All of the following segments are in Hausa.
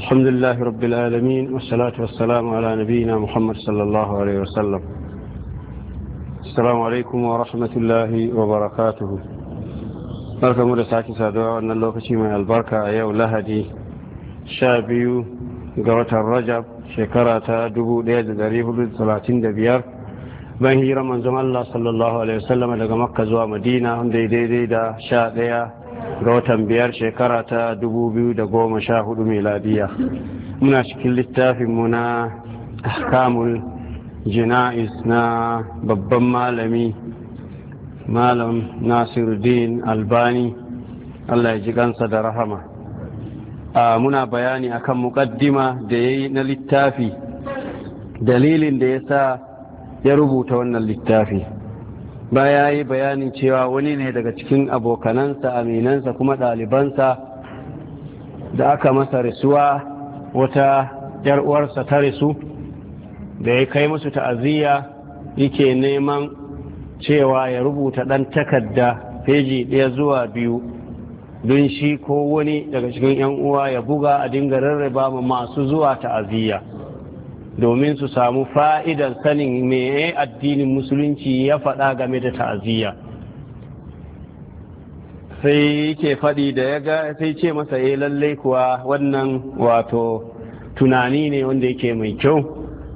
الحمد لله رب العالمين والصلاة والسلام على نبينا محمد صلى الله عليه وسلم السلام عليكم ورحمة الله وبركاته بركة مرساكي سادوا أن الله كشيما البركة أيو لهدي شابيو قوة الرجب شكرة دبو ليد دريه للثلاثين دبيار بين هجرة من زمان الله صلى الله عليه وسلم لقى مكة زوا مدينة هم دي دي دي دا شاء ga watan biyar shekara ta dubu biyu da goma sha hudu miladiya muna cikin littafinmu na kamun jina'is na babban malami malam nasiruddin albani allah ya ji gansa da rahama muna bayani akan mukaddima da ya yi na littafi dalilin da ya sa ya rubuta wannan littafi baya yi bayanin cewa wani ne daga cikin abokanansa aminansa kuma ɗalibansa da aka masa risuwa wata yar uwarsa ta risu da ya kai masu ta'aziyya yake neman cewa ya rubuta ɗan takarda feji ɗaya zuwa biyu don shi ko wani daga cikin 'yan uwa ya buga a dinga rarraba masu zuwa ta'aziyya domin su samu fa'idan sanin me addinin musulunci ya faɗa game da ta'aziyya sai ke faɗi da ya ga sai ce masa eh lallai kuwa wannan wato tunani ne wanda yake mai kyau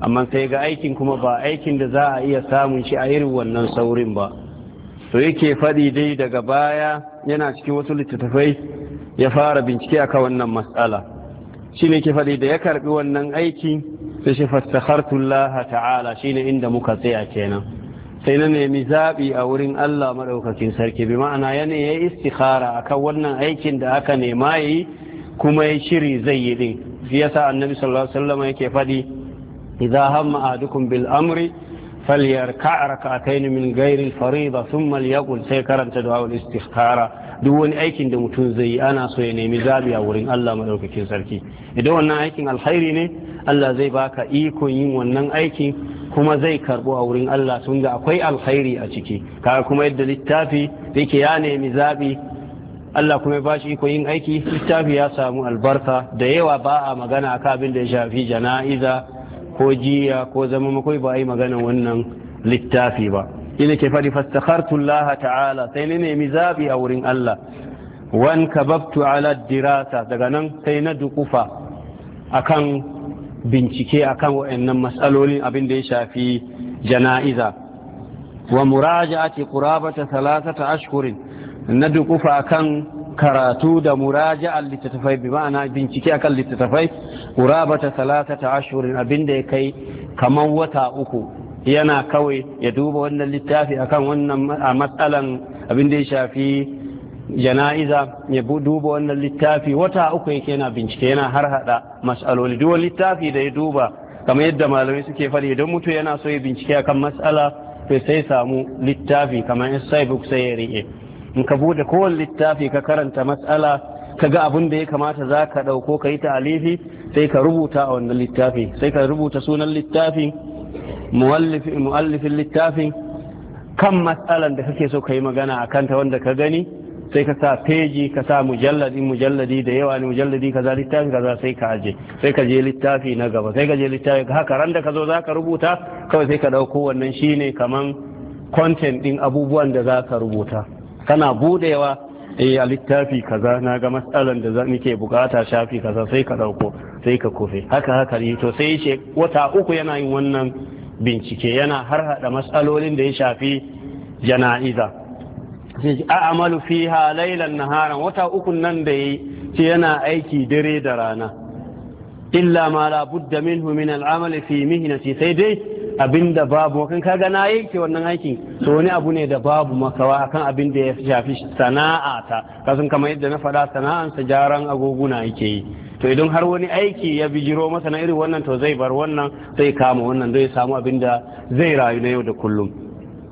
amma sai ga aikin kuma ba aikin da za a iya samun shi a irin wannan saurin ba to yake faɗi dai daga baya yana cikin wasu littattafai ya fara bincike akan wannan matsala shi ne ke faɗi da ya karɓi wannan aiki sai shi fastakhartullah ta'ala shine inda muka tsaya kenan sai na nemi zaɓi a wurin Allah maɗaukakin sarki bi ma'ana ya ne ya istikhara akan wannan aikin da aka nema yi kuma shiri zai yi din shi yasa annabi sallallahu alaihi wasallam yake faɗi idza hamma ahadukum bil amri falyarka rak'atayn min ghairi al fariida thumma liyaqul sai karanta du'a al istikhara duk wani aikin da mutum zai yi ana so ya nemi zaɓi a wurin Allah maɗaukakin sarki idan wannan aikin alkhairi ne Allah zai baka iko yin wannan aiki kuma zai karbo a wurin Allah sun ga akwai alkhairi a ciki kaga kuma yadda littafi yake ya nemi zabi Allah kuma ba shi iko yin aiki littafi ya samu albarka da yawa ba a magana akan abin da ya shafi jana'iza ko jiya ko zama makoi ba a yi magana wannan littafi ba ina ke fadi fastakhartu Allah ta'ala sai ne nemi zabi a wurin Allah wan kababtu ala dirasa daga nan sai na dukufa akan bincike a kan waɗannan matsalolin abin da ya shafi jana'iza wa muraja'ati qurabata thalathata ashhurin na dukufa kan karatu da a littattafai bi ma'ana bincike akan littattafai qurabata thalathata ashhurin abin da ya kai kamar wata uku yana kawai ya duba wannan littafi akan wannan matsalan abin da ya shafi jana'iza ya duba wannan littafi wata uku yake yana bincike yana har hada mas'aloli duk littafi da ya duba kamar yadda malamai suke fari idan mutu yana so ya bincike akan mas'ala to sai samu littafi kamar in sai book sai ya in ka bude kowane littafi ka karanta mas'ala ka ga abin da ya kamata za ka ɗauko ka yi ta'alifi sai ka rubuta a wannan littafi sai ka rubuta sunan littafi mu'allifin littafin kan matsalan da kake so ka yi magana a kanta wanda ka gani sai ka sa feji ka sa mujalladi mujalladi da yawa ne mujalladi kaza littafi kaza sai ka aje sai ka je littafi na gaba sai ka je littafi haka ran da ka zo zaka rubuta kawai sai ka dauko wannan shine kaman kontent din abubuwan da zaka rubuta kana budewa eh a littafi kaza na ga matsalan da nake bukata shafi kaza sai ka dauko sai ka kofe haka haka ne to sai ce wata uku yana yin wannan bincike yana har hada matsalolin da ya shafi jana'iza sai a amalu fiha lailan naharan wata uku nan da yi ce yana aiki dare da rana illa ma la budda minhu min al'amal fi mihnati sai dai abinda babu kan kaga na yake wannan aikin to wani abu ne da babu makawa akan abin da ya shafi ta. kasan kamar yadda na faɗa sa jaran agoguna yake yi to idan har wani aiki ya bijiro masa na irin wannan to zai bar wannan zai kama wannan zai samu abin da zai rayu na yau da kullum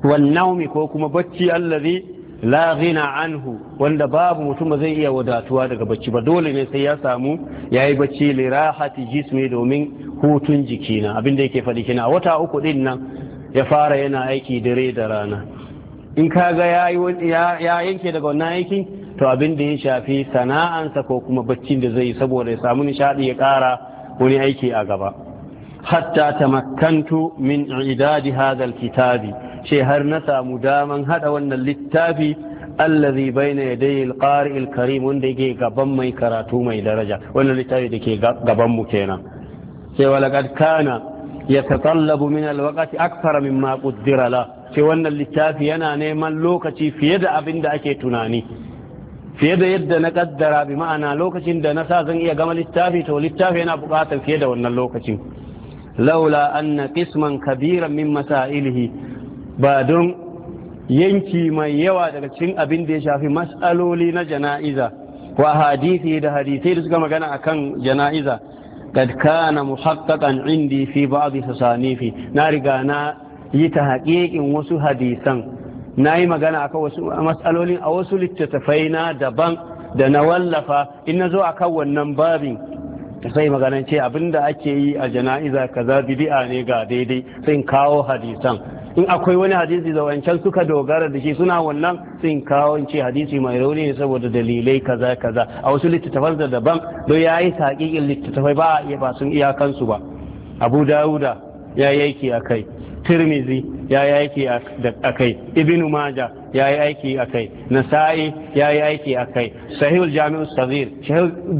wannan ko kuma bacci allazi la ghina anhu wanda babu mutum zai iya wadatuwa daga bacci ba dole ne sai ya samu ya yi bacci li rahati jismi domin hutun jikina abinda yake faɗi kina wata uku din nan ya fara yana aiki dare da rana in ka ga ya yanke daga wannan aikin to abin da ya shafi sana'ansa ko kuma baccin da zai saboda ya samu nishadi ya ƙara wani aiki a gaba hatta tamakkantu min idadi hadal kitabi. ce har na samu daman hada wannan littafi allazi baina yadayhi alqari alkarim wanda yake gaban mai karatu mai daraja wannan littafi da ke gaban mu kenan sai walaqad kana yatatallabu min alwaqti akthara mimma quddira la sai wannan littafi yana neman lokaci fiye da abin da ake tunani fiye da yadda na kaddara bi ma'ana lokacin da na sa zan iya gama littafi to littafi yana buƙatar fiye da wannan lokacin laula anna qisman kabiran min masailihi ba don yanki mai yawa daga cikin abin da ya shafi mas'aloli na jana'iza wa hadisi da hadisai da suka magana akan jana'iza kad kana muhaqqaqan indi fi sani fi. na riga na yi ta haƙiƙin wasu hadisan na yi magana akan wasu mas'alolin a wasu littattafai na daban da na wallafa in na zo akan wannan babin sai maganan ce abinda ake yi a jana'iza kaza bid'a ne ga daidai sai kawo hadisan in akwai wani hadisi da wancan suka dogara da shi suna wannan sun kawo ce hadisi mai rauni ne saboda dalilai kaza kaza a wasu littattafan da daban don ya yi saƙiƙin littattafai ba a iya ba sun iyakansu ba abu dawuda ya yi aiki a kai tirmizi ya yi aiki a kai ibn maja ya yi aiki a kai nasa'i ya yi aiki a kai sahihul jami'u sabir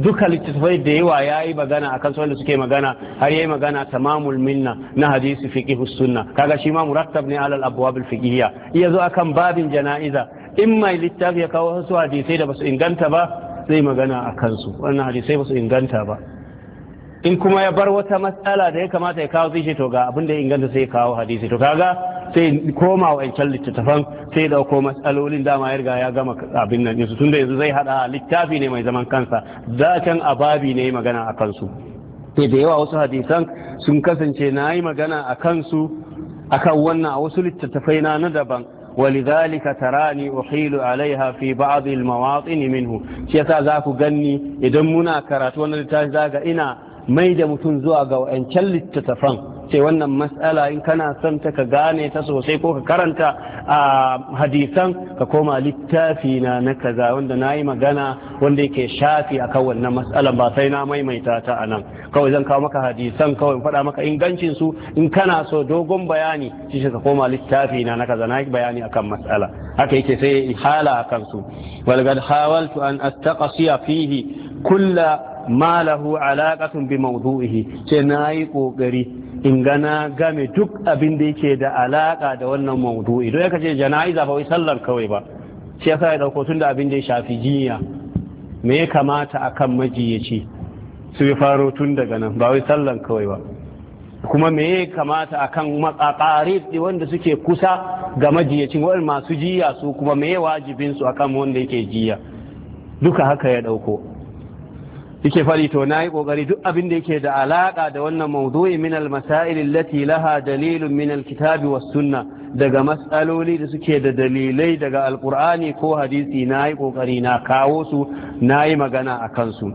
duka littattafai da yawa ya yi magana akan su da suke magana har ya yi magana tamamul minna na hadisi fiqh sunna kaga shi ma murattab ne alal abwab al fiqhiyya iya zo akan babin jana'iza in mai littafi ya kawo wasu hadisai da basu inganta ba zai magana a kansu wannan hadisai basu inganta ba in kuma ya bar wata matsala da ya kamata ya kawo zai to ga abin da ya inganta sai ya kawo hadisi to kaga sai koma wa yancan littattafan sai ya dauko matsalolin dama ya riga ya gama abin nan yanzu tunda yanzu zai hada littafi ne mai zaman kansa zaton ababi ne magana a kansu sai da yawa wasu hadisan sun kasance na yi magana a kansu akan wannan a wasu littattafai na na daban ولذلك تراني أحيل عليها في بعض المواطن منه idan ذاك غني إذا منا كرات وانا ina mai da mutum zuwa ga wa'ancan littattafan sai wannan matsala in kana son ta ka gane ta sosai ko ka karanta a hadisan ka koma littafi na na kaza wanda na yi magana wanda yake shafi akan wannan matsalan ba sai na maimaita ta a nan kawai zan kawo maka hadisan kawai in faɗa maka ingancin su in kana so dogon bayani shi ka koma littafi na na kaza na yi bayani akan matsala haka yake sai hala akan su walgad hawaltu an astaqsiya fihi kulla Malahu lahu alaqatun bi mawdu'ihi ce yi ƙoƙari in gana game duk abin da yake da alaƙa da wannan mawdu'i don yaka ce jana'iza ba wai sallar kawai ba sai yasa ya ɗauko tun da abin da ya shafi jinya me ya kamata akan majiyaci su yi faro tun daga nan ba wai sallan kawai ba kuma me ya kamata akan matsaƙari wanda suke kusa ga majiyacin wani masu jiya su kuma me ya wajibin su akan wanda yake jiya duka haka ya ɗauko. yake fari to na yi ƙoƙari duk abin da yake da alaƙa da wannan mawdu'i min al-masail allati laha dalilun min al-kitabi wa sunna daga mas'aloli da suke da dalilai daga alƙur'ani ko hadisi na yi ƙoƙari na kawo su na yi magana a kansu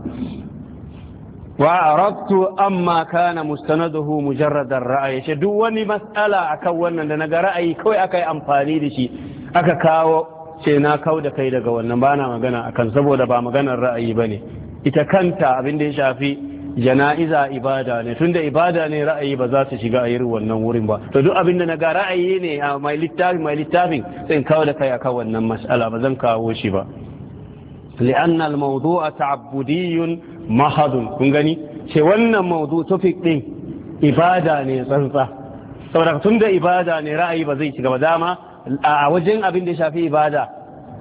wa aradtu amma kana mustanaduhu mujarradar ra'ayi shi duk wani mas'ala akan wannan da naga ra'ayi kawai aka yi amfani da shi aka kawo ce na kau da kai daga wannan bana magana akan saboda ba maganar ra'ayi bane ita kanta abin da ya shafi jana'iza ibada ne tunda ibada ne ra'ayi ba za su shiga a irin wannan wurin ba to duk abin da na ga ra'ayi ne a mai littafin mai littafin zan kawo da kai akan wannan mas'ala ba zan kawo shi ba li'an al-mawdu'a ta'abbudiyyun mahadun kun gani ce wannan mawdu topic din ibada ne tsantsa saboda tunda ibada ne ra'ayi ba zai shiga ba dama a wajen abin da ya shafi ibada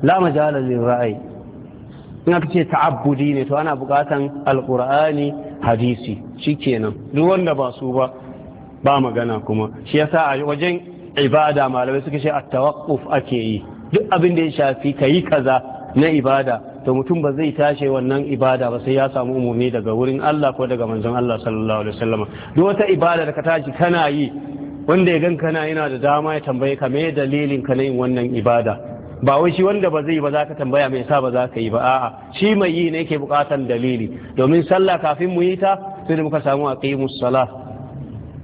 la majalal ra'ayi in aka ce ta'abbudi ne to ana bukatan alkur'ani hadisi shikenan duk wanda ba su ba ba magana kuma shi yasa a wajen ibada malamai suka ce at-tawaqquf ake yi duk abin da ya shafi kayi kaza na ibada to mutum ba zai tashi wannan ibada ba sai ya samu umumi daga wurin Allah ko daga manzon Allah sallallahu alaihi wasallam duk wata ibada da ka tashi kana yi wanda ya gan kana yana da dama ya tambaye ka me dalilin ka na yin wannan ibada ba wai shi wanda ba zai ba za ka tambaya mai sa ba za ka yi ba a'a shi mai yi ne yake bukatan dalili domin sallah kafin mu yi ta sai da muka samu aqimus sala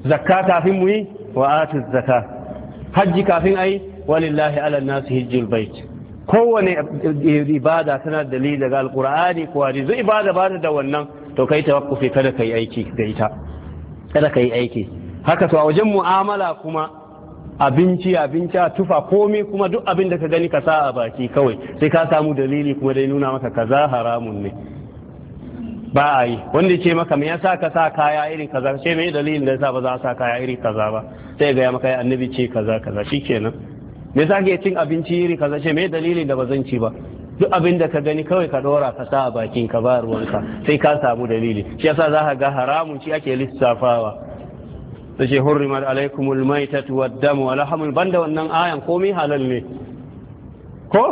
zakka kafin mu yi wa atuz zakka hajji kafin ai walillahi ala nasi hijjul bait kowane ibada tana dalili daga alqur'ani ko hadisi ibada ba da wannan to kai tawakkufi kada kai aiki da ita kada kai aiki haka to a wajen mu'amala kuma abinci abinci a tufa komai kuma duk abin da ka gani ka sa a baki kawai sai ka samu dalili kuma dai nuna maka kaza haramun ne ba a yi wanda ce maka me yasa ka sa kaya irin kaza ce me dalilin da yasa ba za a sa kaya irin kaza ba sai ga ya maka annabi ce kaza kaza shikenan me yasa ke cin abinci irin kaza ce me dalilin da ba zan ci ba duk abin da ka gani kawai ka dora ka sa a bakin ka ba ruwanka sai ka samu dalili shi yasa za ka ga haramun shi ake lissafawa da ce hurrimat alaikumul maitatu waddamu wa lahamul banda wannan ayan komai halal ne ko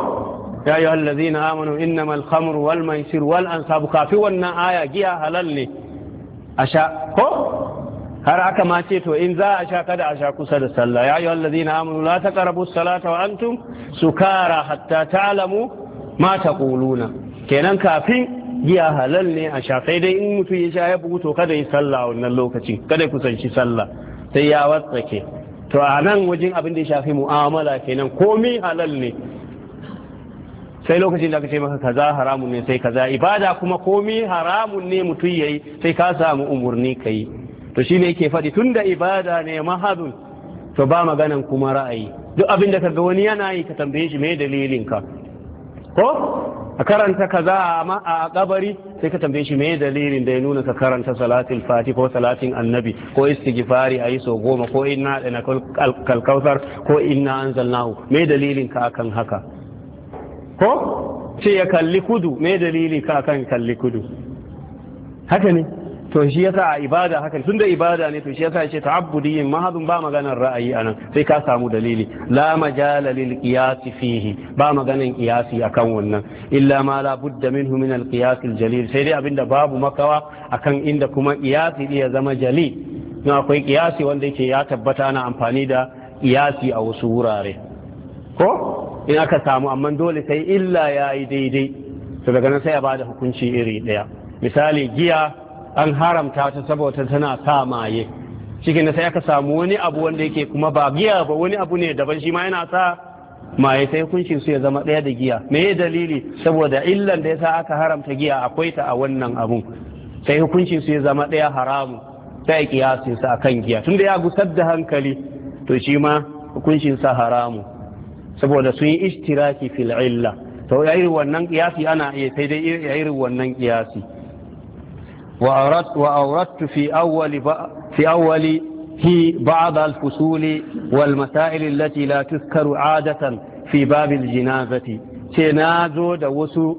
ya yi allazina amanu innamal khamru wal maisir wal ansab kafi wannan aya giya halal ne a sha ko har aka ma ce to in za a sha kada a sha kusa da sallah ya yi allazina amanu la taqrabu salata wa antum sukara hatta ta alamu ma kuluna kenan kafin giya halal ne a sha sai dai in mutum ya sha ya bugu to kada yi sallah wannan lokaci kada ya kusanci sallah sai ya watsake to a nan wajen abin da ya shafi mu'amala kenan komi halal ne sai lokacin da aka ce maka kaza haramun ne sai kaza ibada kuma komi haramun ne mutum yayi sai ka samu umurni ka yi to shi shine yake faɗi da ibada ne mahadun to ba maganan kuma ra'ayi duk abin da ka ga wani yana yi ka tambaye shi me dalilin ka ko a karanta kaza a kabari sai ka tambaye shi me dalilin da ya nuna ka karanta salatin fati ko salatin annabi ko istighfari ayi so goma ko inna na kalkausar ko inna anzalnahu me dalilin ka akan haka ko ce ya kalli kudu me dalili ka akan kalli kudu haka ne to shi yasa ibada haka tunda ibada ne to shi yasa yace ta'abbudi mahadun ba maganar ra'ayi anan sai ka samu dalili la majala lil qiyas fihi ba maganar qiyasi akan wannan illa ma la budda minhu min al qiyas al jalil sai dai abinda babu makawa akan inda kuma qiyasi ya zama jali don akwai qiyasi wanda yake ya tabbata ana amfani da qiyasi a wasu wurare ko in aka samu amma dole sai illa yayi daidai to daga nan sai a bada hukunci iri daya misali giya an haramta ta saboda tana sa maye cikin na sai aka samu wani abu wanda yake kuma ba giya ba wani abu ne daban shi ma yana sa maye sai hukuncin su ya zama ɗaya da giya me ya dalili saboda illan da yasa aka haramta giya akwai ta a wannan abun sai hukuncin su ya zama ɗaya haramu sai kiyasin sa akan giya tunda ya gusar da hankali to shi ma hukuncin sa haramu saboda sun yi ishtiraki fil illa to yayin wannan kiyasi ana iya sai dai yayin wannan kiyasi وأوردت, وأوردت في أول في أول في بعض الفصول والمسائل التي لا تذكر عادة في باب الجنازة تنازو دوسو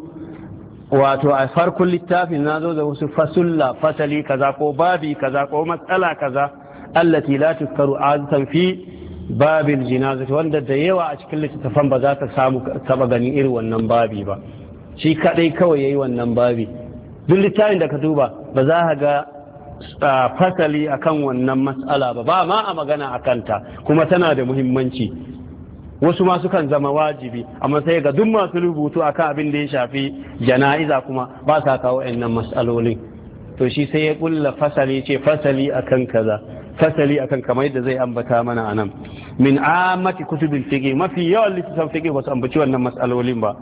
واتو أفر كل التاف نازو دوسو فسلة فسلي كذا كو بابي كذا كو مسألة كذا التي لا تذكر عادة في باب الجنازة وان دد يوا تفهم بذات سامو سبغني إرو النمبابي با شي كده كو يوا النمبابي duk littafin da ka duba ba za ka ga fasali akan wannan matsala ba ba ma a magana a kanta kuma tana da muhimmanci wasu ma sukan zama wajibi amma sai ga duk masu rubutu akan abin da ya shafi jana'iza kuma ba sa kawo 'yannan matsalolin to shi sai ya kulla fasali ce fasali akan kaza fasali akan kamar yadda zai ambata mana anan min amati kutubin fiqi mafi yawan littafin fiqi ba su ambaci wannan matsalolin ba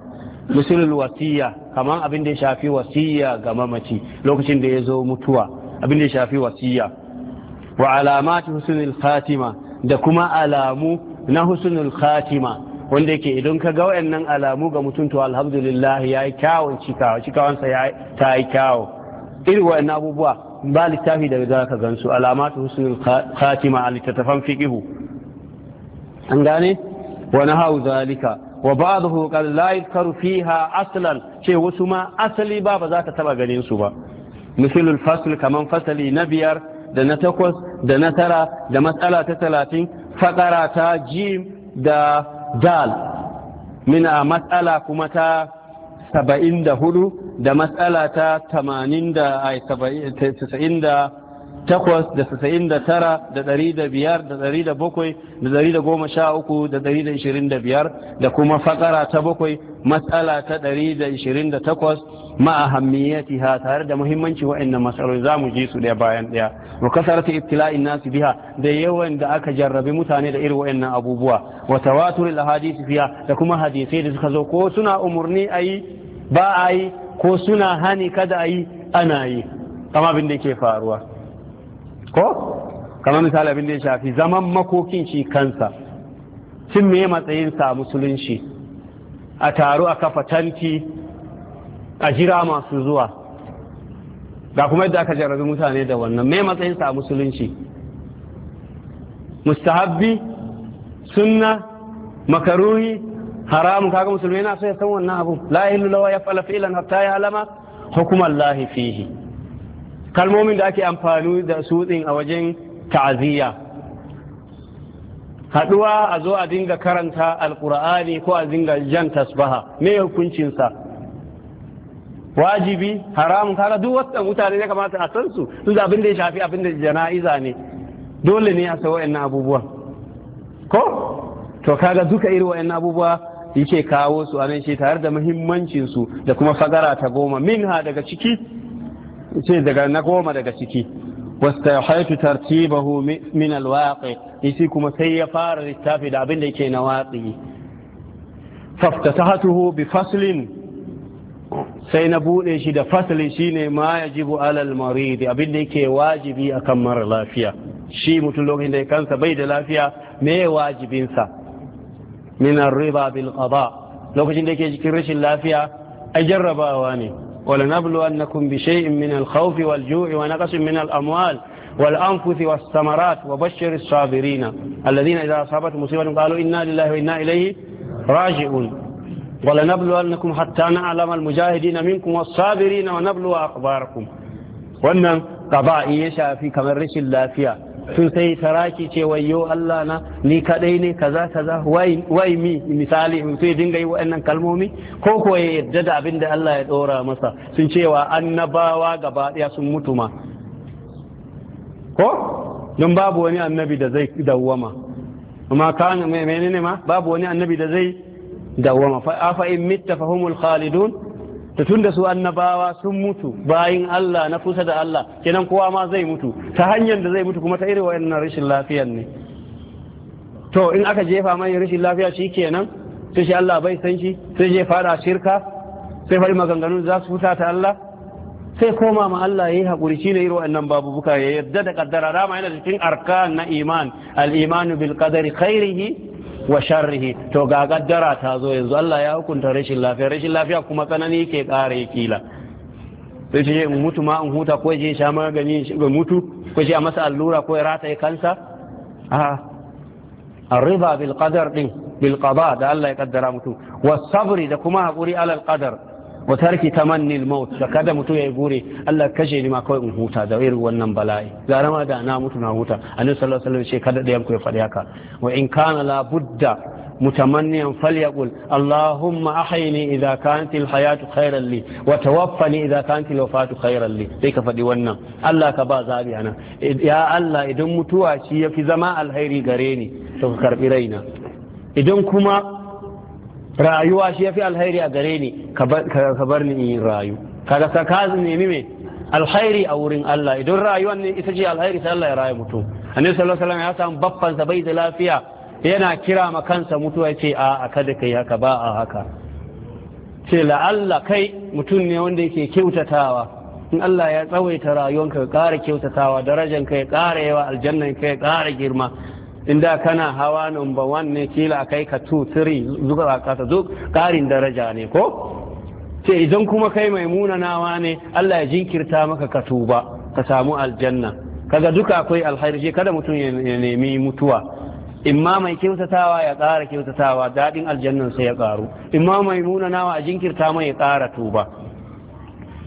misalul wasiya kamar abin da ya shafi wasiya ga mamaci lokacin da ya zo mutuwa abin da ya shafi wasiya wa alamati husnul khatima da kuma alamu na husnul khatima wanda yake idan ka ga wayannan alamu ga mutum to alhamdulillah yayi kyawun cikawa cikawansa ya ta yi kyawo irin wayannan abubuwa ba littafi da za ka gansu alamatu husnul khatima a littattafan fiqihu an gane wa nahau zalika wa ba'dahu qad la yadhkaru fiha aslan ce wasu ma asali ba ba za ka taba ganin su ba misalul fasl kamar fasali na biyar da na takwas da na tara da matsala ta talatin fakara ta jim da dal mina matsala kuma ta saba'in da hudu da matsala ta tamanin da saba'in da takwas da sasa'in da tara da ɗari da biyar da ɗari da bakwai da ɗari da goma sha uku da ɗari da ishirin da biyar da kuma fakara ta bakwai matsala ta ɗari da ishirin da takwas ma'ahammiyati ha tare da muhimmanci wa'annan matsaloli za mu ji su ɗaya bayan ɗaya wa ta ibtila'in nasu biha da yawan da aka jarrabi mutane da irin wa'annan abubuwa wa tawatur al-ahadith fiha da kuma hadisai da suka zo ko suna umurni ayi ba a yi ko suna hani kada a yi ana yi Kama abin da ke faruwa ko kamar misali abin da ya shafi zaman makokin shi kansa cin me matsayin sa musulunci a taro a kafa tanti a jira masu zuwa ga kuma yadda aka jarabi mutane da wannan me matsayin sa musulunci mustahabbi sunna makaruhi haramun kaga musulmi na so ya san wannan abu la ilaha illallah ya fa'ala fi'lan hatta ya alama hukumallahi fihi kalmomin da ake amfani da su a wajen ta'aziyya haduwa a zo a dinga karanta alkur'ani ko a dinga jan tasbaha me hukuncinsa wajibi haramun kaga duk wasu mutane ya kamata a san su duk abin da ya shafi abin da jana'iza ne dole ne a sa wa'annan abubuwa ko to kaga duka irin wa'annan abubuwa yake kawo su a nan shi tare da muhimmancin su da kuma fagara ta goma minha daga ciki ce daga na goma daga ciki wastahaitu tartibahu min alwaqi isi kuma sai ya fara littafi da abin da yake na watsi faftatahatuhu bi faslin sai na bude shi da faslin shine ma yajibu alal marid abin da yake wajibi akan mara lafiya shi mutum lokacin da kansa bai da lafiya me wajibinsa min riba bil qada lokacin da yake cikin rashin lafiya ai jarrabawa ne ولنبلونكم بشيء من الخوف والجوع ونقص من الأموال والأنفس والثمرات وبشر الصابرين الذين إذا أصابت مصيبة قالوا إنا لله وإنا إليه راجعون ولنبلونكم حتى نعلم المجاهدين منكم والصابرين ونبلو أخباركم وأن ƙaba'i يشاء في كمرس rashin sun sai taraki ce wayo Allah na ni kadai ne kaza kaza wai mi misali mutum dinga yi wa'annan kalmomi ko ko ya yadda da abin da Allah ya dora masa sun cewa annabawa gaba daya sun mutu ma ko don babu wani annabi da zai dawwama amma kan menene ma babu wani annabi da zai dawwama fa afa in mitta fahumul khalidun tun da su annabawa sun mutu bayin Allah na kusa da Allah kenan kowa ma zai mutu ta hanyar da zai mutu kuma ta irin wayannan rashin lafiyar ne to in aka jefa mai rashin lafiya shi kenan sai shi Allah bai san shi sai je fara shirka sai fari maganganun za su huta ta Allah sai koma ma Allah yayi hakuri ne irin wannan babu buka ya yadda da kaddara rama yana cikin arkan na iman al-imanu bil qadari khairihi wa sharrihi to ga gaddara ta zo yanzu Allah ya hukunta rashin lafiya rashin lafiya kuma tsanani yake kare kila sai ce in mutu ma in huta ko je sha magani ga mutu ko je a masa allura ko ya kansa a arriba bil qadar din bil qada da Allah ya kaddara mutu wa sabri da kuma hakuri alal qadar wa tarki tamannil maut da kada mutum yayi gure Allah kashe ni ma kawai in huta da irin wannan bala'i gara ma da na mutu na huta annabi sallallahu alaihi wasallam ce kada da yanku ya faɗi haka wa in kana la budda mutamanniyan falyaqul allahumma ahyini idza kanat alhayatu khayran li wa tawaffani idza kanat alwafatu khayran li sai ka faɗi wannan Allah ka ba zabi ana ya Allah idan mutuwa shi yafi zama alheri gare ni to ka karbi raina idan kuma rayuwa shi ya fi alhairi a gare ni ka bar ni in rayu kaga ka ka nemi me alkhairi a wurin Allah idan rayuwan ne ita ce alkhairi sai Allah ya raya mutum annabi sallallahu alaihi wasallam ya san babban sa bai da lafiya yana kira ma kansa mutuwa ce a kada kai haka ba a haka ce Allah kai mutum ne wanda yake kyautatawa in Allah ya tsawaita rayuwanka ya ƙara kyautatawa darajanka ya ƙara yawa aljannan ka ya ƙara girma inda kana hawa number one ne kila kai ka 2 3 zuwa kasa duk karin daraja ne ko ce idan kuma kai mai munanawa ne Allah ya jinkirta maka ka tuba ka samu aljanna kaga duka akwai alhairi kada mutum ya nemi mutuwa imma mai kyautatawa ya ƙara kyautatawa daɗin aljannan sai ya ƙaru imma mai munanawa a jinkirta mai ya ƙara tuba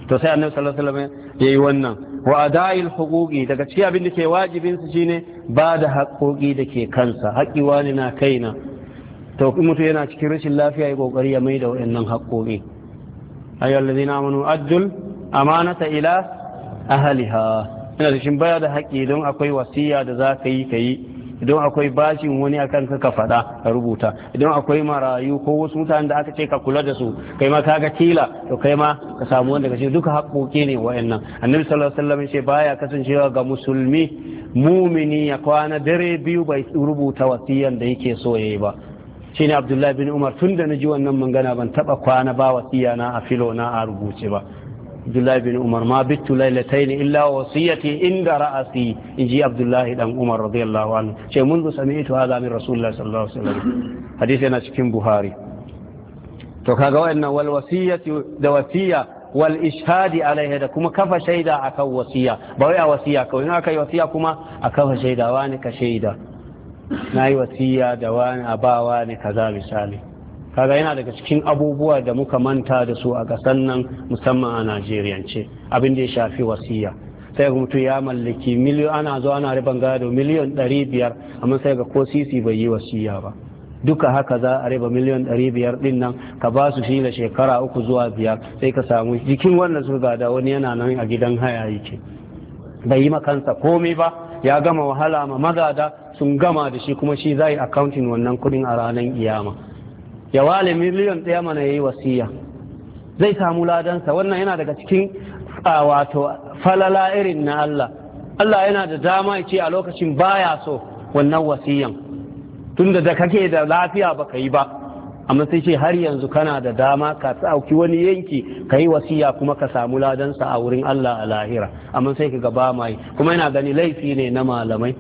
to sai annabi sallallahu alaihi wasallam yayi wannan wa adayil huquqi daga cikin abin da ke wajibin su shine ba da haƙoƙi da ke kansa haƙi wani na kaina to mutu yana cikin rashin lafiya ya kokari ya da waɗannan haƙoƙi ayyul ladina amanu addul amanata ila ahliha ina da shin baya da haƙi don akwai wasiya da za ka yi ka yi idan akwai bashin wani akan ka ka faɗa ka rubuta idan akwai marayu ko wasu mutanen da aka ce ka kula da su kai ma ka ga tila to kai ma ka samu wanda ka ce duka haƙoƙi ne wa'annan annabi sallallahu alaihi wasallam ce baya kasancewa ga musulmi mumini ya kwana dare biyu bai rubuta wasiyan da yake so yayi ba shine abdullahi bin umar tun da na ji wannan magana ban taba kwana ba wasiya na a filo na a rubuce ba Abdullahi bin Umar ma bitu lailatayn illa wasiyati inda ra'asi inji Abdullahi dan Umar radiyallahu anhu ce منذ سمعت هذا من رسول الله صلى الله عليه وسلم hadisi yana cikin Buhari to kaga wayannan wal wasiyati da wasiya wal ishhadi alaiha da kuma kafa shaida akan wasiya ba wai a wasiya kawai in aka yi wasiya kuma a kafa shaida wani ka shaida nayi wasiya da wani kaza misali kaga yana daga cikin abubuwa da muka manta da su a kasan nan musamman a najeriyance abin da ya shafi wasiya sai ga mutum ya mallaki miliyon ana zo ana riban gado miliyon ɗari biyar amma sai ga ko sisi bai yi wasiya ba duka haka za a riba miliyon ɗari biyar ɗin nan ka ba su shi da shekara uku zuwa biyar sai ka samu jikin wannan su gada wani yana nan a gidan haya yake bai yi makansa komai ba ya gama wahala ma magada sun gama da shi kuma shi zai accounting wannan kuɗin a ranar iyama ya wale miliyon ɗaya mana ya yi wasiya zai samu ladansa wannan yana daga cikin wato falala irin na Allah Allah yana da dama ya ce a lokacin baya so wannan wasiyan tunda da kake da lafiya baka yi ba amma sai ce har yanzu kana da dama ka tsauki wani yanki ka yi wasiya kuma ka samu ladansa a wurin Allah a lahira amma sai ka ba mai kuma yana gani laifi ne na malamai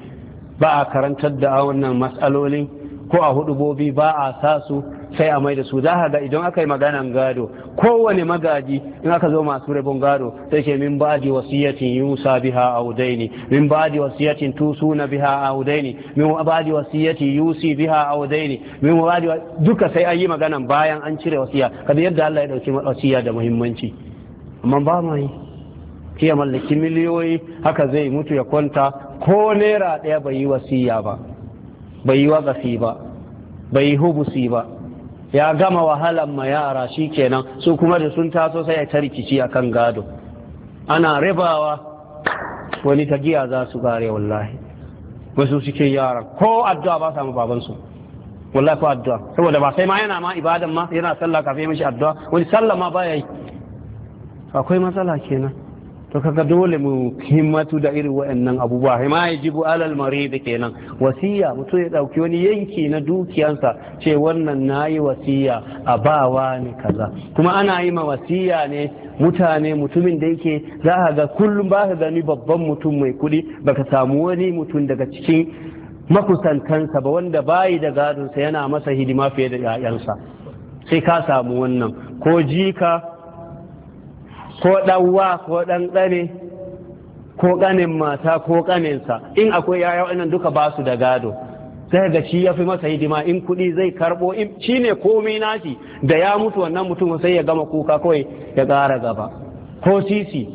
ba a karantar da wannan matsalolin ko a hudubobi ba a sa su sai a mai da su za ga idan aka yi maganan gado kowane magaji in aka zo masu rabon gado sai ce min ba'di wasiyatin yusa biha audaini min ba'di wasiyatin tusuna biha audaini min ba'di wasiyati yusi biha audaini min ba'di duka sai an yi maganan bayan an cire wasiya kada yadda Allah ya dauki wasiya da muhimmanci amma ba mu yi ya mallaki miliyoyi haka zai mutu ya kwanta ko naira ɗaya bai yi wasiya ba bai yi wagafi ba bai yi hubusi ba ya gama wahalan ma yara shikenan su kuma da sun taso sai ya ta rikici akan gado ana rabawa wani ta giya za su gare wallahi wasu suke yara ko addu'a ba samu babansu wallahi ko addu'a saboda ba sai ma yana ma ibadan ma yana sallah kafin mishi addu'a wani sallah ma baya yi akwai matsala kenan to kaga dole mu himmatu da irin waɗannan abubuwa hima ya jibu alal da kenan wasiya mutum ya ɗauki wani yanki na dukiyansa ce wannan na wasiya a bawa ne kaza kuma ana yi ma wasiya ne mutane mutumin da yake za a ga kullum ba ka gani babban mutum mai kuɗi baka samu wani mutum daga cikin makusantansa ba wanda bayi da gadonsa yana masa hidima fiye da 'ya'yansa sai ka samu wannan ko jika ko ɗanwa ko ɗan ɗane ko ƙanin mata ko ƙaninsa in akwai yaya wannan duka ba su da gado sai ga shi ya fi masa hidima in kuɗi zai karɓo shi ne komai nashi da ya mutu wannan mutum sai ya gama kuka kawai ya ƙara gaba ko sisi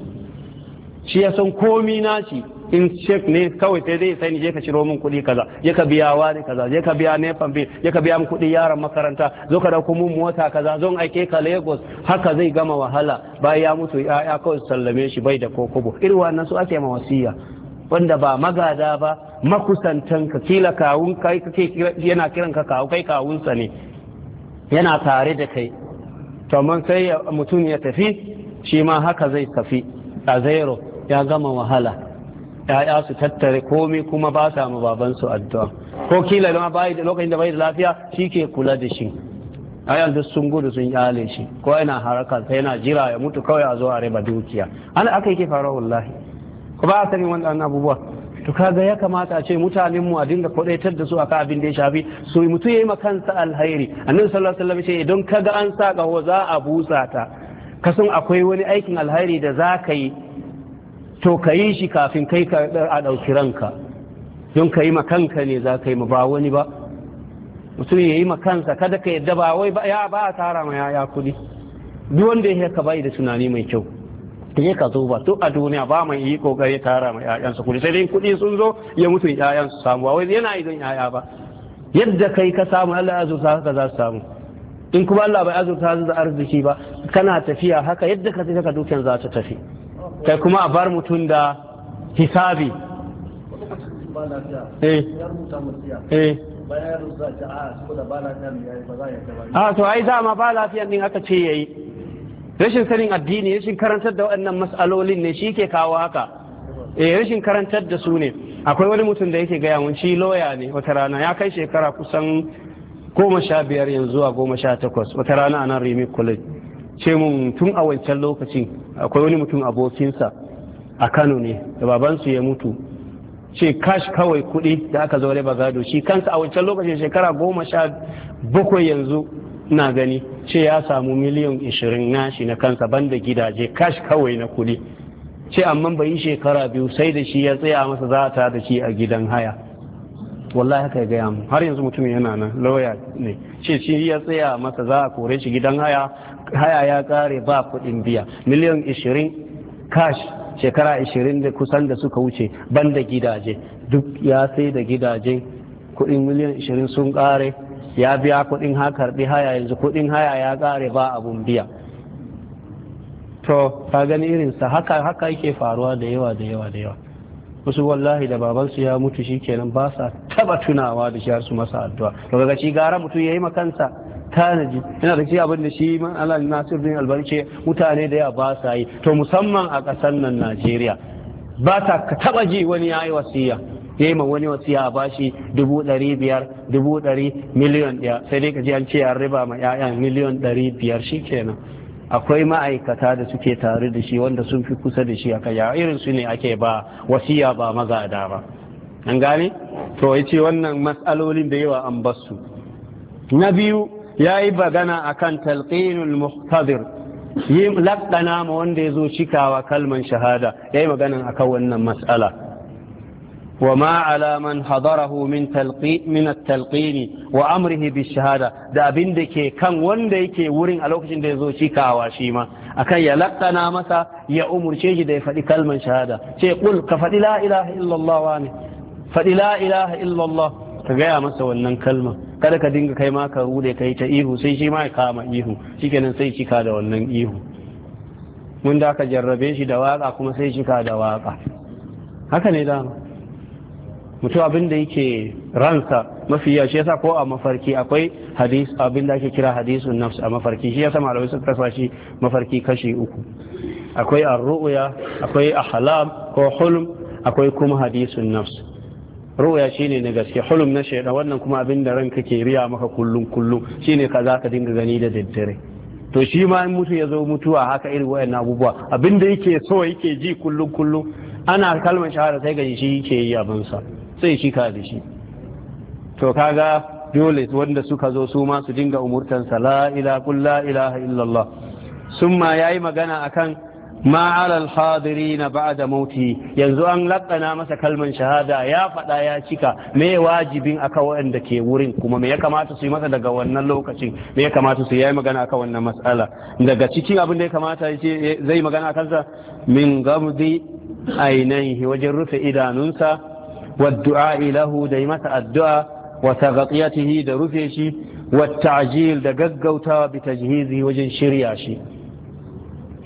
shi ya san komai nashi in shek ne kawai sai dai sai ni je ka ciro min kuɗi kaza je ka biya wani kaza je ka biya nefan bi je ka biya min kuɗi yaran makaranta zo ka dauko mun mota kaza zon aike ka Lagos haka zai gama wahala bayan ya mutu ya kawai sallame shi bai da kokobo irin wannan su ake ma wasiya wanda ba magada ba makusantanka kila kawun kai kake yana kiran ka kawu kai kawunsa ne yana tare da kai to sai mutum ya tafi shi ma haka zai tafi a zairo ya gama wahala ya'ya su tattare komai kuma ba sa ma babansu addu'a ko kila da bai da lokacin da bai da lafiya shi ke kula da shi ayan yanzu sun gudu sun yale shi ko yana haraka sai yana jira ya mutu kawai a zo a riba dukiya ana aka yake faro wallahi ko ba a wanda annabi abubuwa to kaga ya kamata a ce mutanen mu a dinga kodaitar da su akan abin da ya shafi su mutu yayi ma kansa alhairi annabi sallallahu alaihi wasallam ce idan kaga an sa kaho za a busa ta kasan akwai wani aikin alhairi da za ka yi to ka yi shi kafin kai ka a ɗauki ranka don ka yi kanka ne za ka yi ma ba wani ba mutum ya yi kansa kada ka yadda ba wai ya ba a tara ma ya kuɗi duk wanda ya ka bai da tunani mai kyau ya ka zo ba duk a duniya ba mai yi kokari tara ma ƴaƴansa kuɗi sai dai kuɗi sun zo ya mutu ƴaƴansu samu wai yana idan ƴaƴa ba yadda kai ka samu Allah ya azurta haka za su samu in kuma Allah bai azurta su da arziki ba kana tafiya haka yadda ka tafi haka dukiyan za ta tafi kai kuma a bar mutum da hisabi eh. eh. eh. a ah, ah, to ai ma ba lafiyan din aka ce yayi rashin sanin addini rashin karantar da waɗannan mas'alolin ne shi ke kawo haka eh rashin karantar da su ne akwai wani mutum da yake gaya mun shi loya ne wata rana ya kai shekara kusan goma sha biyar yanzu a goma sha takwas wata rana a nan rimi college ce mun tun a wancan lokacin akwai wani mutum abokinsa a kano ne da babansu ya mutu ce kash kawai kuɗi da aka zaure ba gado shi kansa a wancan lokacin shekara goma sha bakwai yanzu na gani ce ya samu miliyan ishirin nashi na kansa banda gidaje kash kawai na kuɗi ce amma bai yi shekara biyu sai da shi ya tsaya masa za ta da shi a gidan haya wallahi haka ya gaya mu har yanzu mutum yana nan lauya ne ce shi ya tsaya masa za a kore shi gidan haya haya ya kare ba kuɗin biya miliyan 20 cash shekara 20 da kusan da suka wuce banda gidaje duk ya sai da gidaje kuɗin miliyan 20 sun kare ya biya kuɗin ha karɓi haya yanzu kuɗin haya ya kare ba abun biya to ka gani irinsa haka haka yake faruwa da yawa da yawa da yawa wasu wallahi da babansu ya mutu shi kenan ba sa taba tunawa da shi har su masa addu'a to kaga shi gara mutum yayi makansa tanaji yana da shi abin da shi man Allah Nasir bin albarke mutane da ya ba sa yi to musamman a ƙasar nan Najeriya ba ta taba ji wani yayi wasiya yayi ma wani wasiya a bashi dubu ɗari biyar dubu ɗari miliyon ɗaya sai dai ka ji an ce an riba ma 'ya'yan miliyon ɗari biyar shi kenan akwai ma'aikata da suke tare da shi wanda sun fi kusa da shi a irin su ne ake ba wasiya ba magada ba an gane to ya ce wannan matsalolin da yawa an basu na biyu ya yi bagana a kan talqinul muhtadir yi laɗana ma wanda ya zo cikawa kalman shahada ya yi maganan akan wannan matsala وما على من حضره من تلقي من التلقين وامره بالشهاده da abinda ke kan wanda yake wurin a lokacin da ya zo shi kawa shi ma akan ya laqana masa ya umurce shi da ya faɗi kalman shahada ce kul ka faɗi la ilaha illallah wa ne faɗi la ilaha illallah ka gaya masa wannan kalma kada ka dinga kai ma ka rude kai ta ihu sai shi ma ya kama ihu shikenan sai cika da wannan ihu mun da ka jarrabe shi da waka kuma sai cika da waka haka ne dama mutum abin da yake ransa mafi yawa shi yasa ko a mafarki akwai hadis abin da ake kira hadisun nafs a mafarki shi yasa malamai suka kasa shi mafarki kashi uku akwai ar-ru'ya akwai ahlam ko hulm akwai kuma hadisun nafs ru'ya shine na gaske hulm na shaida wannan kuma abin da ranka ke riya maka kullum kullum shine kaza ka dinga gani da daddare to shi ma in mutu ya zo mutuwa haka irin wayannan abubuwa abin da yake so yake ji kullum kullum ana kalmar shahada sai ga shi yake yi abinsa sai shi ka da shi to kaga dole wanda suka zo su ma su dinga umurtansa la ila la ilaha illallah summa yayi magana akan ma alal hadirina ba'da mauti yanzu an laƙana masa kalman shahada ya faɗa ya cika me wajibin aka waɗanda ke wurin kuma me ya kamata su yi masa daga wannan lokacin me ya kamata su yi magana akan wannan matsala daga cikin abin da ya kamata zai magana kansa min gamdi ainihi wajen rufe idanunsa والدعاء له ديمة الدعاء وتغطيته درفيش والتعجيل دققوتا بتجهيزه وجن شرياشي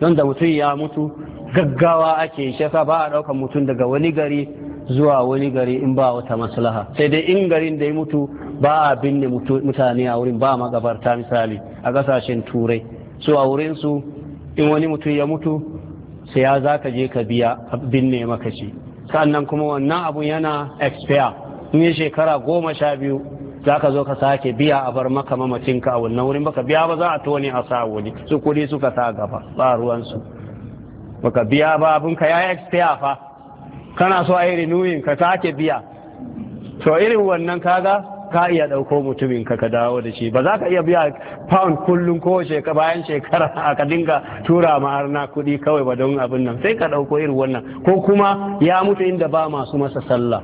عند mutum ya mutu gaggawa ake shafa ba a ɗaukar mutum daga wani gari zuwa wani gari in ba wata maslaha sai dai in garin da ya mutu ba a binne mutane a wurin ba magabarta misali a kasashen turai su a wurin su in wani mutum ya mutu sai ya za ka je ka biya binne maka shi sannan kuma wannan abun yana expire in yi shekara goma sha biyu za ka zo ka sake biya a bar maka mamacinka a wannan wurin baka biya ba za a tone a sa wuri su kuɗi suka sa gaba ba ruwansu baka biya ba ka ya expire fa kana so a yi renewing ka sake biya to irin wannan kaga ka iya ɗauko mutumin ka ka dawo da shi ba za ka iya biya pound kullum ko bayan shekara a ka dinga tura ma arna kuɗi kawai ba don abin nan sai ka ɗauko irin wannan ko kuma ya mutu inda ba masu masa sallah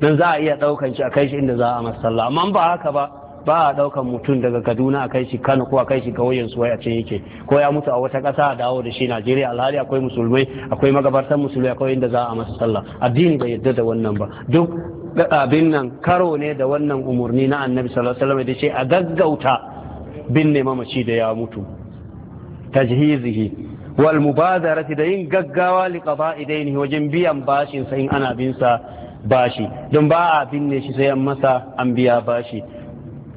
don za a iya ɗaukan shi a kai shi inda za a masa sallah amma ba haka ba ba a ɗaukan mutum daga kaduna a kai shi kano ko a kai shi kauyen suwai a can yake ko ya mutu a wata ƙasa a dawo da shi najeriya alhali akwai musulmai akwai magabartan musulmai akwai inda za a masa sallah addini bai yarda da wannan ba duk abin nan karo ne da wannan umarni na annabi sallallahu alaihi wasallam da ce a gaggauta binne mamaci da ya mutu tajhizihi wal mubadarati da yin gaggawa li qada'i dainihi wajen biyan bashin sa in ana bin sa bashi don ba a binne shi sai an masa an biya bashi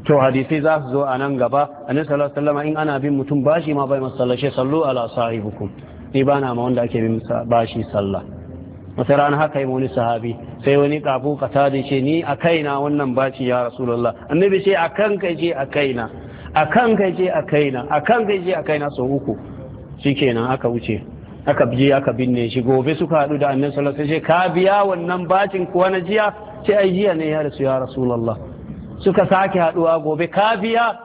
to hadisai za su zo a nan gaba annabi sallallahu alaihi wasallam in ana bin mutum bashi ma bai masallace sallu ala sahibukum ni ba na ma wanda ake bin bashi sallah Masa rana haka yi wani sahabi sai wani kafu ta da ce ni a kaina wannan baci ya rasulullah annabi ce a kan kai ce a kaina a kan kai ce a kaina a kan kai ce a kaina sau uku shikenan aka wuce aka biye aka binne shi gobe suka haɗu da annabi sallallahu alaihi wasallam ka biya wannan bacin kuwa na jiya ce ai jiya ne ya rasu ya rasulullah suka sake haɗuwa gobe ka biya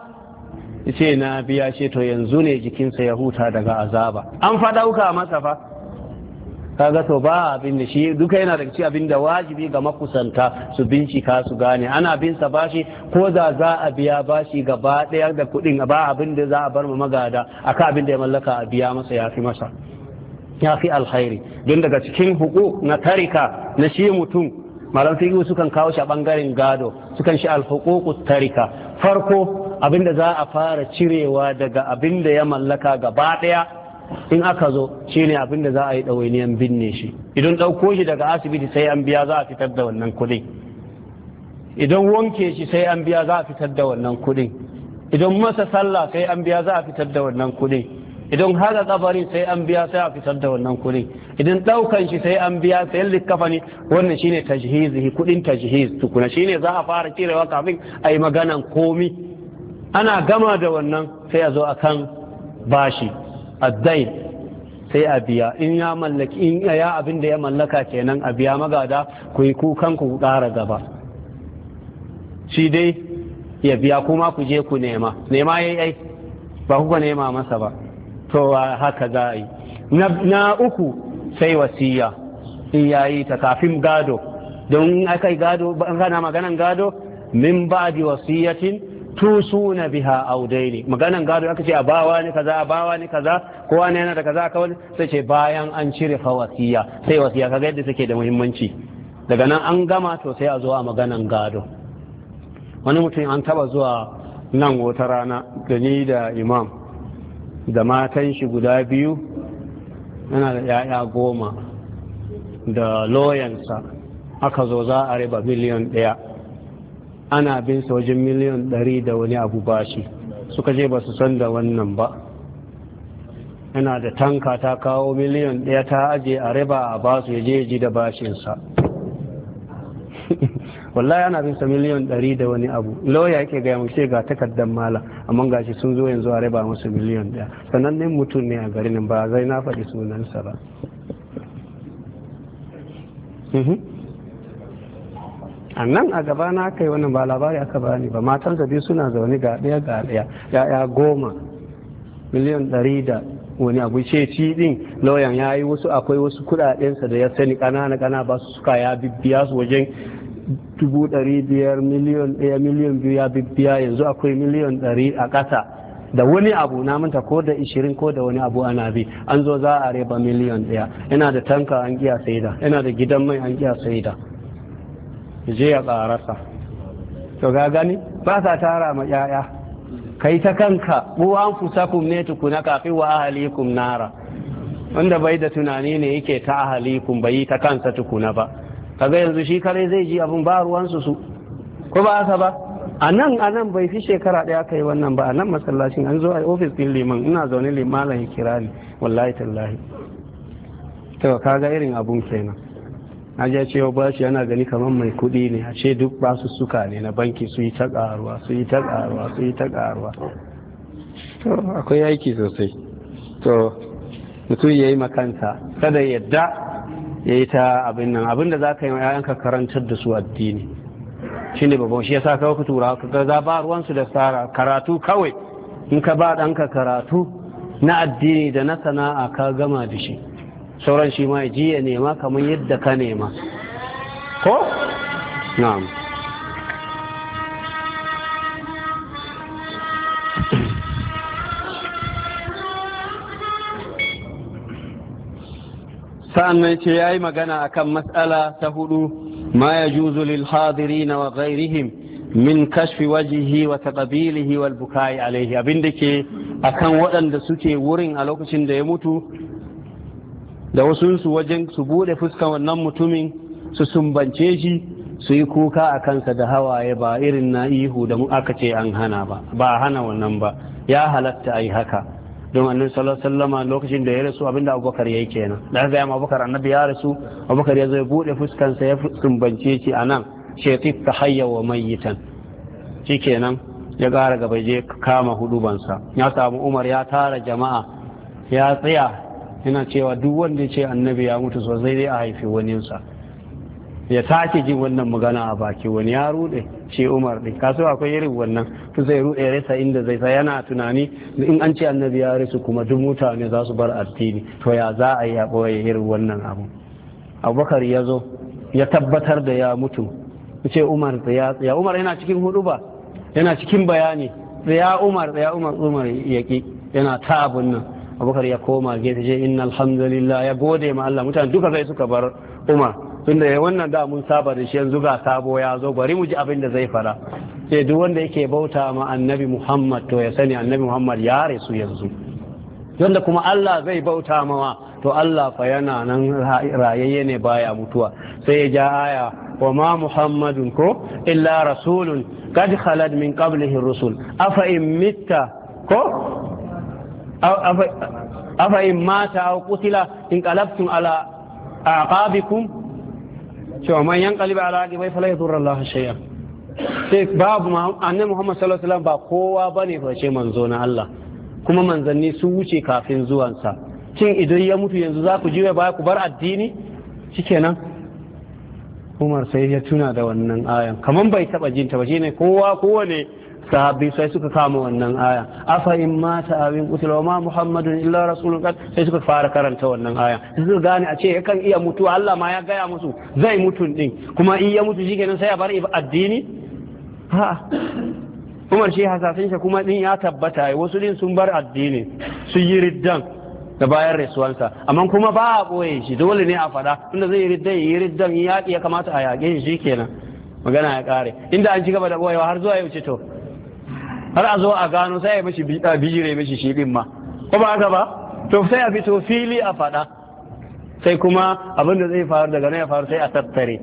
ce na biya ce to yanzu ne jikinsa ya huta daga azaba an faɗauka ɗauka masa fa Ka ga to ba abin da shi duka yana da ci abin da wajibi ga makusanta su bincika su gane ana bin sa bashi ko da za a biya bashi gaba daya da kuɗin ba abin da za a bar mu magada akan abin da ya mallaka a biya masa ya fi masa ya fi alkhairi don daga cikin huku na tarika na shi mutum malam fiqh sukan kawo shi a bangaren gado sukan shi alhuququ tarika farko abin da za a fara cirewa daga abin da ya mallaka gaba daya in aka zo shi ne abin da za a yi ɗawainiyan binne shi idan ɗauko shi daga asibiti sai an biya za a fitar da wannan kudin idan wanke shi sai an biya za a fitar da wannan kudin idan masa sallah sai an biya za a fitar da wannan kudin idan haɗa kabarin sai an biya sai a fitar da wannan kudin idan ɗaukan shi sai an biya sai likafani wannan shine tajhizi kuɗin tajhiz tukuna ne za a fara cirewa kafin a yi maganan komi ana gama da wannan sai a zo akan bashi addain sai a biya in ya mallaki in ya abin da ya mallaka kenan a biya magada ku yi kukan ku ƙara gaba shi dai ya biya kuma ku je ku nema nema yayi ai ba ku nema masa ba to haka za a yi na uku sai wasiya in yayi ta kafin gado don aka yi gado an kana maganan gado min ba'di wasiyatin tusuna biha audaini maganan gado aka ce a bawa ne kaza a bawa ne kaza kowa ne yana da kaza kawai sai ce bayan an cire fa wasiya sai wasiya kaga yadda take da muhimmanci daga nan an gama to sai a zo a maganan gado wani mutum an taba zuwa nan wata rana da ni da imam da matan shi guda biyu yana da 'ya'ya goma da loyansa aka zo za a riba miliyan ɗaya ana bin sa wajen miliyan ɗari da wani abu bashi suka je ba su san da wannan ba yana da tanka ta kawo miliyan ɗaya ta aje a riba a basu ya je ji da bashinsa wallahi yana bin sa miliyan ɗari da wani abu lauya yake gaya mu ce ga takardar mala amma ga shi sun zo yanzu a raba musu miliyan ɗaya sanannen mutum ne a garin ba zai na faɗi sunansa ba mhm. a nan a gaba na aka yi wannan ba labari aka bani ba matan biyu suna zaune ga ɗaya ga ɗaya ya goma miliyan ɗari da wani abu ce ci din lauyan ya yi wasu akwai wasu kuɗaɗensa da ya sani ƙanana ƙana ba su suka ya bibbiya su wajen dubu ɗari biyar miliyan ɗaya miliyan biyu ya bibbiya yanzu akwai miliyan ɗari a ƙasa da wani abu na manta ko da ishirin ko da wani abu ana bi an zo za a reba miliyan ɗaya yana da tanka an giya saida yana da gidan mai an giya saida je ya karasa to ga gani ba sa tara ma yaya kai ta kanka buwan an fusakum ne tukuna kafi wa ahalikum nara wanda bai da tunani ne yake ta ahalikum bai ta kansa tukuna ba kaga yanzu shi kare zai ji abin ba ruwansu su ko ba ba a nan a nan bai fi shekara ɗaya kai wannan ba a nan masallacin an zo a ofis ɗin liman ina zaune liman lahi kira ni wallahi tallahi to kaga irin abun kenan Na ja cewa bashi yana gani kamar mai kuɗi ne a ce duk basu suka ne na banki su yi ta ƙaruwa su yi ta ƙaruwa su yi ta ƙaruwa to akwai aiki sosai to mutum ya yi makanta kada yadda ya yi ta abin nan abin da za ka yi yayanka karantar da su addini shi ne babban shi ya sa kawai ka tura ka za ba ruwansu da tsara karatu kawai in ka ba ɗanka karatu na addini da na sana'a ka gama da shi sauran shi ma ya ji ya nema kamar yadda ka nema ko? na'am sa'annan ce ya yi magana akan matsala ta hudu ma ya juzu lil na wa gairihim min kashfi wajihi wa taqabilihi wal bukai alaihi abinda ke akan waɗanda suke wurin a lokacin da ya mutu da wasu wasunsu wajen su bude fuskan wannan mutumin su sumbance shi su yi kuka a kansa da hawaye ba irin na ihu da aka ce an hana ba ba hana wannan ba ya halatta a yi haka don annabi sallallahu sallama lokacin da ya rasu abinda abubakar ya yi kenan da aka ma abubakar annabi ya rasu abubakar ya zo ya bude fuskansa ya sumbance shi a nan shetif ta hayya wa mayitan shi kenan ya gara gaba je kama hudubansa ya samu umar ya tara jama'a ya tsaya yana cewa duk wanda ya ce annabi ya mutu sosai dai a haifi waninsa ya sake jin wannan magana a baki wani ya rude ce umar din kasu akwai irin wannan to zai rude ya rasa inda zai sa yana tunani in an ce annabi ya rasu kuma duk mutane za su bar addini to ya za a yi a ɓoye irin wannan abu abubakar ya zo ya tabbatar da ya mutu ce umar ya tsaya umar yana cikin hudu ba yana cikin bayani tsaya umar tsaya umar umar ya yana ta abun nan abubakar ya koma gefe je inna alhamdulillah ya gode ma Allah mutane duka sai suka bar umar tunda ya wannan da mun saba da shi yanzu ga sabo ya zo bari mu ji abin da zai fara sai duk wanda yake bauta ma annabi muhammad to ya sani annabi muhammad ya rasu yanzu wanda kuma Allah zai bauta mawa to Allah fa yana nan rayayye ne baya mutuwa sai ya ja aya wa ma muhammadun ko illa rasulun kad khalad min qablihi rusul afa in mitta ko afa in mata aw qutila in qalabtum ala aqabikum cewa man yanqalib ala aqibai fala yadurra Allah shay'a sai babu annabi Muhammad sallallahu alaihi wasallam ba kowa bane fashe manzo na Allah kuma manzanni su wuce kafin zuwansa cin idan ya mutu yanzu za ku juya baya ku bar addini shikenan Umar sai ya tuna da wannan ayan kaman bai taba jinta ba shine kowa kowane sahabbai sai suka kama wannan aya afa in mata abin kutula ma muhammadun illa rasulun kad sai suka fara karanta wannan aya sai gane a ce yakan iya mutuwa Allah ma ya gaya musu zai mutu din kuma in ya mutu shikenan sai ya bar addini ha Umar shi hasafin shi kuma din ya tabbata wasu din sun bar addini sun yi riddan da bayan rasuwansa amma kuma ba a boye shi dole ne a faɗa tunda zai yi riddan yi riddan ya kamata a yaƙe shi kenan magana ya ƙare inda an ci gaba da boyewa har zuwa yau ce to har a zo a gano sai ya mishi bijire mishi shi din ma ko ba haka ba to sai a fito fili a fada sai kuma abin da zai faru daga nan ya faru sai a tattare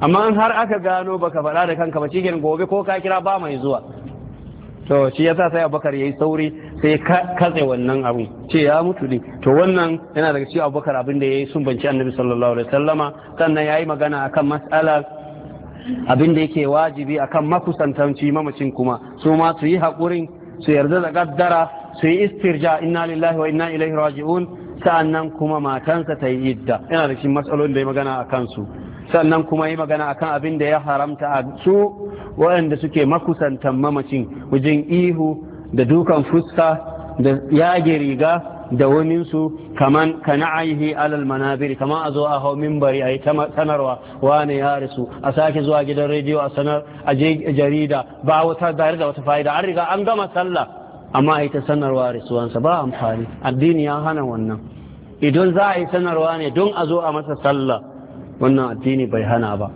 amma in har aka gano baka faɗa da kanka ba cikin gobe ko ka kira ba mai zuwa to shi yasa sai abubakar yayi sauri sai katse wannan abun ce ya mutu din to wannan yana daga cikin abubakar abin da yayi sumbanci annabi sallallahu alaihi wasallama sannan yayi magana akan mas'alar abin da yake wajibi akan makusantanci mamacin kuma su ma su yi haƙurin su yarda da gaddara su yi istirja inna lillahi wa inna ilaihi raji'un sa'annan kuma matansa ta yi idda yana da shi matsalolin da ya magana a kansu sannan kuma yi magana akan abin da ya haramta a su waɗanda suke makusantan mamacin wajen ihu da dukan fuska da yage riga da waninsu kaman kana'aihi alal manabiri kama a zo a hau mimbari a yi sanarwa wane ya rasu a sake zuwa gidan rediyo a sanar a je jarida ba wata tare da wata fa'ida an riga an gama sallah amma a yi ta sanarwa sa ba amfani addini ya hana wannan idan za a yi sanarwa ne don a zo a masa sallah wannan addini bai hana ba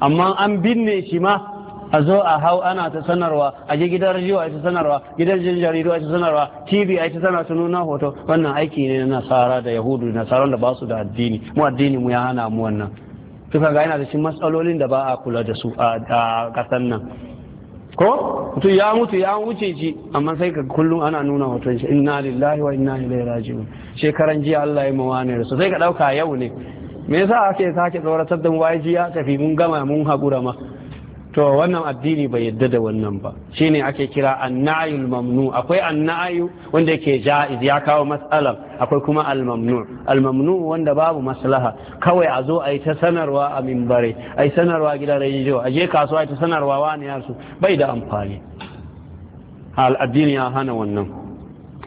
amma an binne shi ma a zo a hau ana ta sanarwa a je gidan rijiyo a ta sanarwa gidan jin jaridu a ta sanarwa tv a ta sanarwa ta nuna hoto wannan aiki ne na nasara da yahudu nasaran da ba su da addini mu addini mu ya hana mu wannan duka ga yana da cikin matsalolin da ba a kula da su a kasan nan ko mutum ya mutu ya wuce ji. amma sai ka kullum ana nuna hoton shi inna lillahi wa inna ilaihi raji'un shekaran jiya Allah ya mawane su sai ka dauka yau ne me yasa ake sake tsoratar da mu waye jiya tafi mun gama mun hakura ma to wannan addini bai yadda da wannan ba shine ake kira annayu mamnu akwai annayu wanda yake ja'iz ya kawo matsalar akwai kuma almamnu almamnu wanda babu maslaha kawai a zo a yi ta sanarwa a mimbare a yi sanarwa gidan rediyo a je kasuwa a yi ta sanarwa wani yarsu bai da amfani al addini ya hana wannan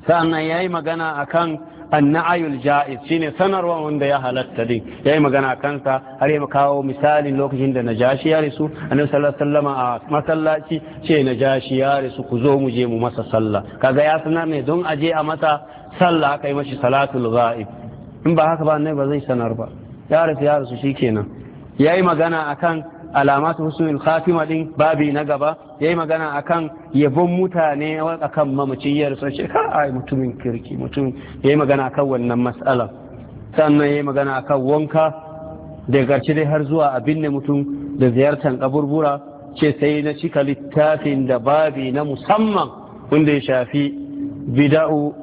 sa'annan yayi magana akan anna'ayul ja'iz shine sanarwa wanda ya halatta din yayi magana kansa har ya kawo misalin lokacin da najashi ya rasu annabi sallallahu alaihi wasallam a masallaci ce najashi ya rasu ku zo mu je mu masa sallah kaga ya sanar ne don aje a masa sallah aka yi mashi salatul ghaib in ba haka ba annabi ba zai sanar ba ya rasu ya rasu shikenan yayi magana akan alamatu husnul khatima din babi na gaba yayi magana akan yabon mutane akan mamaci ya rasu shi ai mutumin kirki mutum yayi magana akan wannan mas'ala sannan yayi magana akan wanka da garci dai har zuwa abin ne mutum da ziyartar kaburbura ce sai na cika littafin da babi na musamman wanda ya shafi bida'u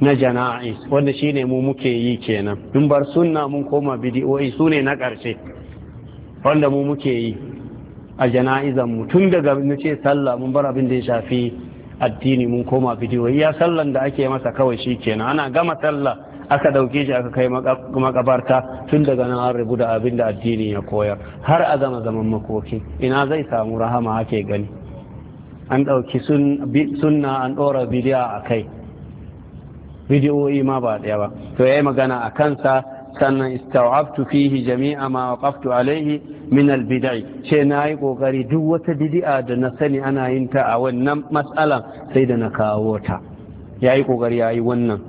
na jana'is wanda shine mu muke yi kenan in bar sunna mun koma bidi'o'i sune na karshe wanda mu muke yi a jana'izan mu tun daga nace sallah mun bar abin da ya shafi addini mun koma bidiyo ya sallan da ake masa kawai shi kenan ana gama sallah aka dauke shi aka kai makabarta tun daga nan an rubu da abin da addini ya koyar har a zama zaman makoki ina zai samu rahama ake gani an ɗauki sunna an ɗora bidiyo a kai bidiyoyi ma ba daya ba to ya yi magana a kansa sannan istawabtu fihi jami'a ma waqaftu alaihi min albid'i ce nayi kokari duk wata bid'a da na sani ana yin ta a wannan matsalan sai da na kawo ta yayi kokari yayi wannan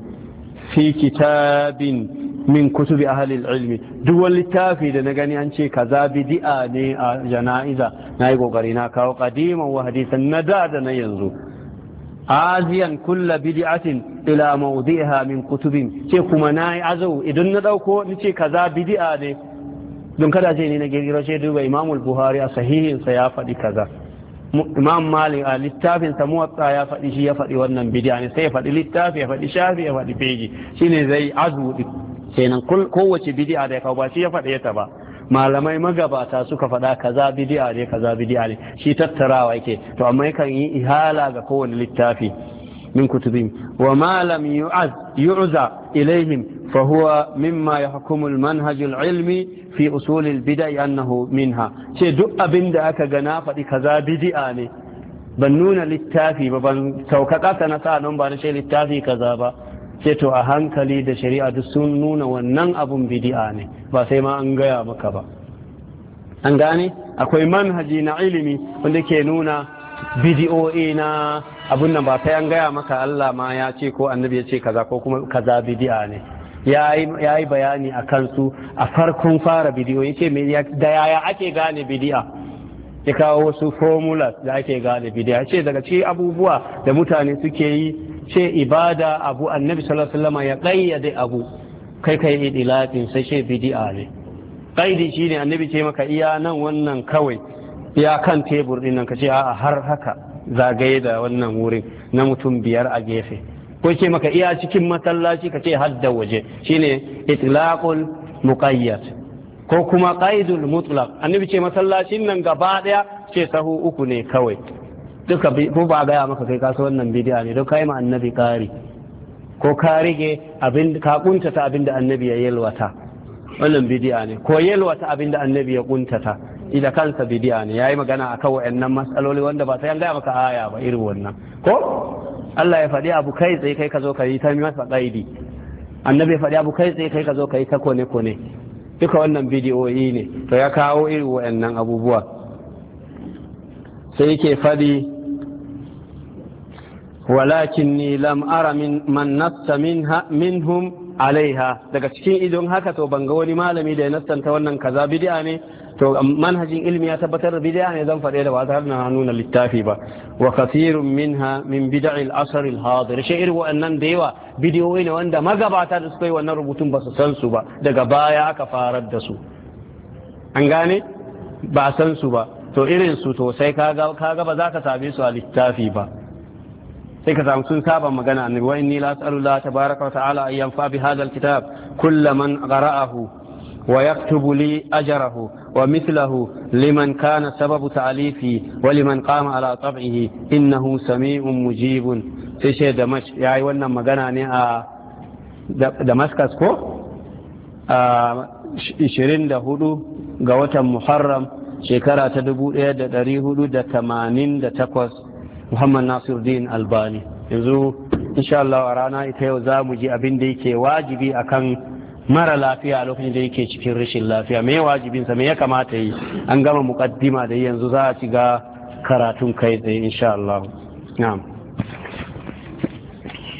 fi kitabin min kutubi ahli ilmi duk wani littafi da na gani an ce kaza bid'a ne a jana'iza nayi kokari na kawo qadiman wa hadisan na da da na yanzu aziyan kulla Bidi'atin ila mawdi'iha min kutubin ce kuma nayi azu, idan na dauko ni ce kaza Bidi'a ne don kada ce ni na girgiro ce duba imamul Buhari a sahihin sa ya faɗi kaza Imam Malik a littafin sa muwatta ya faɗi shi ya faɗi wannan bidi'a ne sai ya faɗi littafi ya faɗi shafi ya faɗi feji shine zai azu kenan kowace Bidi'a da ya kawo ba shi ya faɗe ta ba malamai magabata suka faɗa kaza bidi'a ne kaza bidi'a ne shi tattarawa yake to amma kan yi ihala ga kowane littafi min kutubin wa malam yu'az yu'za ilaihim fa huwa mimma yahkumu al-manhaj al-ilmi fi usul al-bid'i annahu minha ce duk abin da aka ga na faɗi kaza bidi'a ne ban nuna littafi ba ban sauka ƙasa na sa nan ba na ce littafi kaza ba ce to a hankali da shari'a duk sun nuna wannan abun bidi'a ne ba sai ma an gaya maka ba an gane akwai manhaji na ilimi wanda ke nuna bidi'o'i na abun nan ba sai an gaya maka Allah ma ya ce ko annabi ya ce kaza ko kuma kaza bidi'a ne ya yi bayani a kansu a farkon fara bidiyo ya ce da yaya ake gane bidi'a ya kawo wasu formulas da ake gane bidi'a ce daga ci abubuwa da mutane suke yi ce ibada abu annabi sallallahu alaihi wasallam ya qayyade abu kai kai idilafin sai ce bid'a ne qaidi shine annabi ce maka iya nan wannan kawai Ya kan tebur din nan ka ce a'a har haka zagaye da wannan wurin na mutum biyar a gefe ko ce maka iya cikin masallaci ka ce hadda waje shine itlaqul muqayyad ko kuma qaidul mutlaq annabi ce masallacin nan gaba daya ce sahu uku ne kawai duka ko ba gaya maka kai kasu wannan bidiya ne don kai ma annabi kari ko ka rige abin ka kuntata abin da annabi ya yalwata wannan bidiya ne ko yalwata abin da annabi ya kuntata ita kansa bidiya ne yayi magana akan wayannan masaloli wanda ba sai an gaya maka aya ba irin wannan ko Allah ya faɗi abu kai tsaye kai ka zo ka yi ta masa qaidi annabi ya faɗi abu kai tsaye kai ka zo ka yi ta kone kone duka wannan bidiyoyi ne to ya kawo irin wayannan abubuwa sai yake faɗi walakinni lam ara min man nassa minha minhum alaiha daga cikin idon haka to banga wani malami da ya nassanta wannan kaza bid'a ne to manhajin ilmi ya tabbatar da bid'a ne zan faɗe da ba har na nuna littafi ba wa kathirun minha min al asr al hadir shi irin annan da yawa bidiyoyi ne wanda magabata da suka yi wannan rubutun ba su san su ba daga baya aka farar da su an gane ba san su ba to irin su to sai kaga kaga ba za ka same su a littafi ba sai ka samu sun saba magana annabi wa inni la as'alullah tabaraka wa ta'ala an yanfa bi hadha alkitab kullu man qara'ahu wa yaktubu li ajrahu wa mithlahu liman kana sababu ta'alifi wa liman qama ala tab'ihi innahu sami'un mujibun sai shi da mash yayi wannan magana ne a Damascus ko a 24 ga watan Muharram shekara ta 1488 muhammad nasiruddin albani yanzu insha Allah a rana ita yau za mu ji abin da yake wajibi akan mara lafiya a lokacin da yake cikin rashin lafiya me wajibinsa me ya kamata yi an gama mukaddima da yanzu za a ci ga karatun kai tsaye insha Allah na'am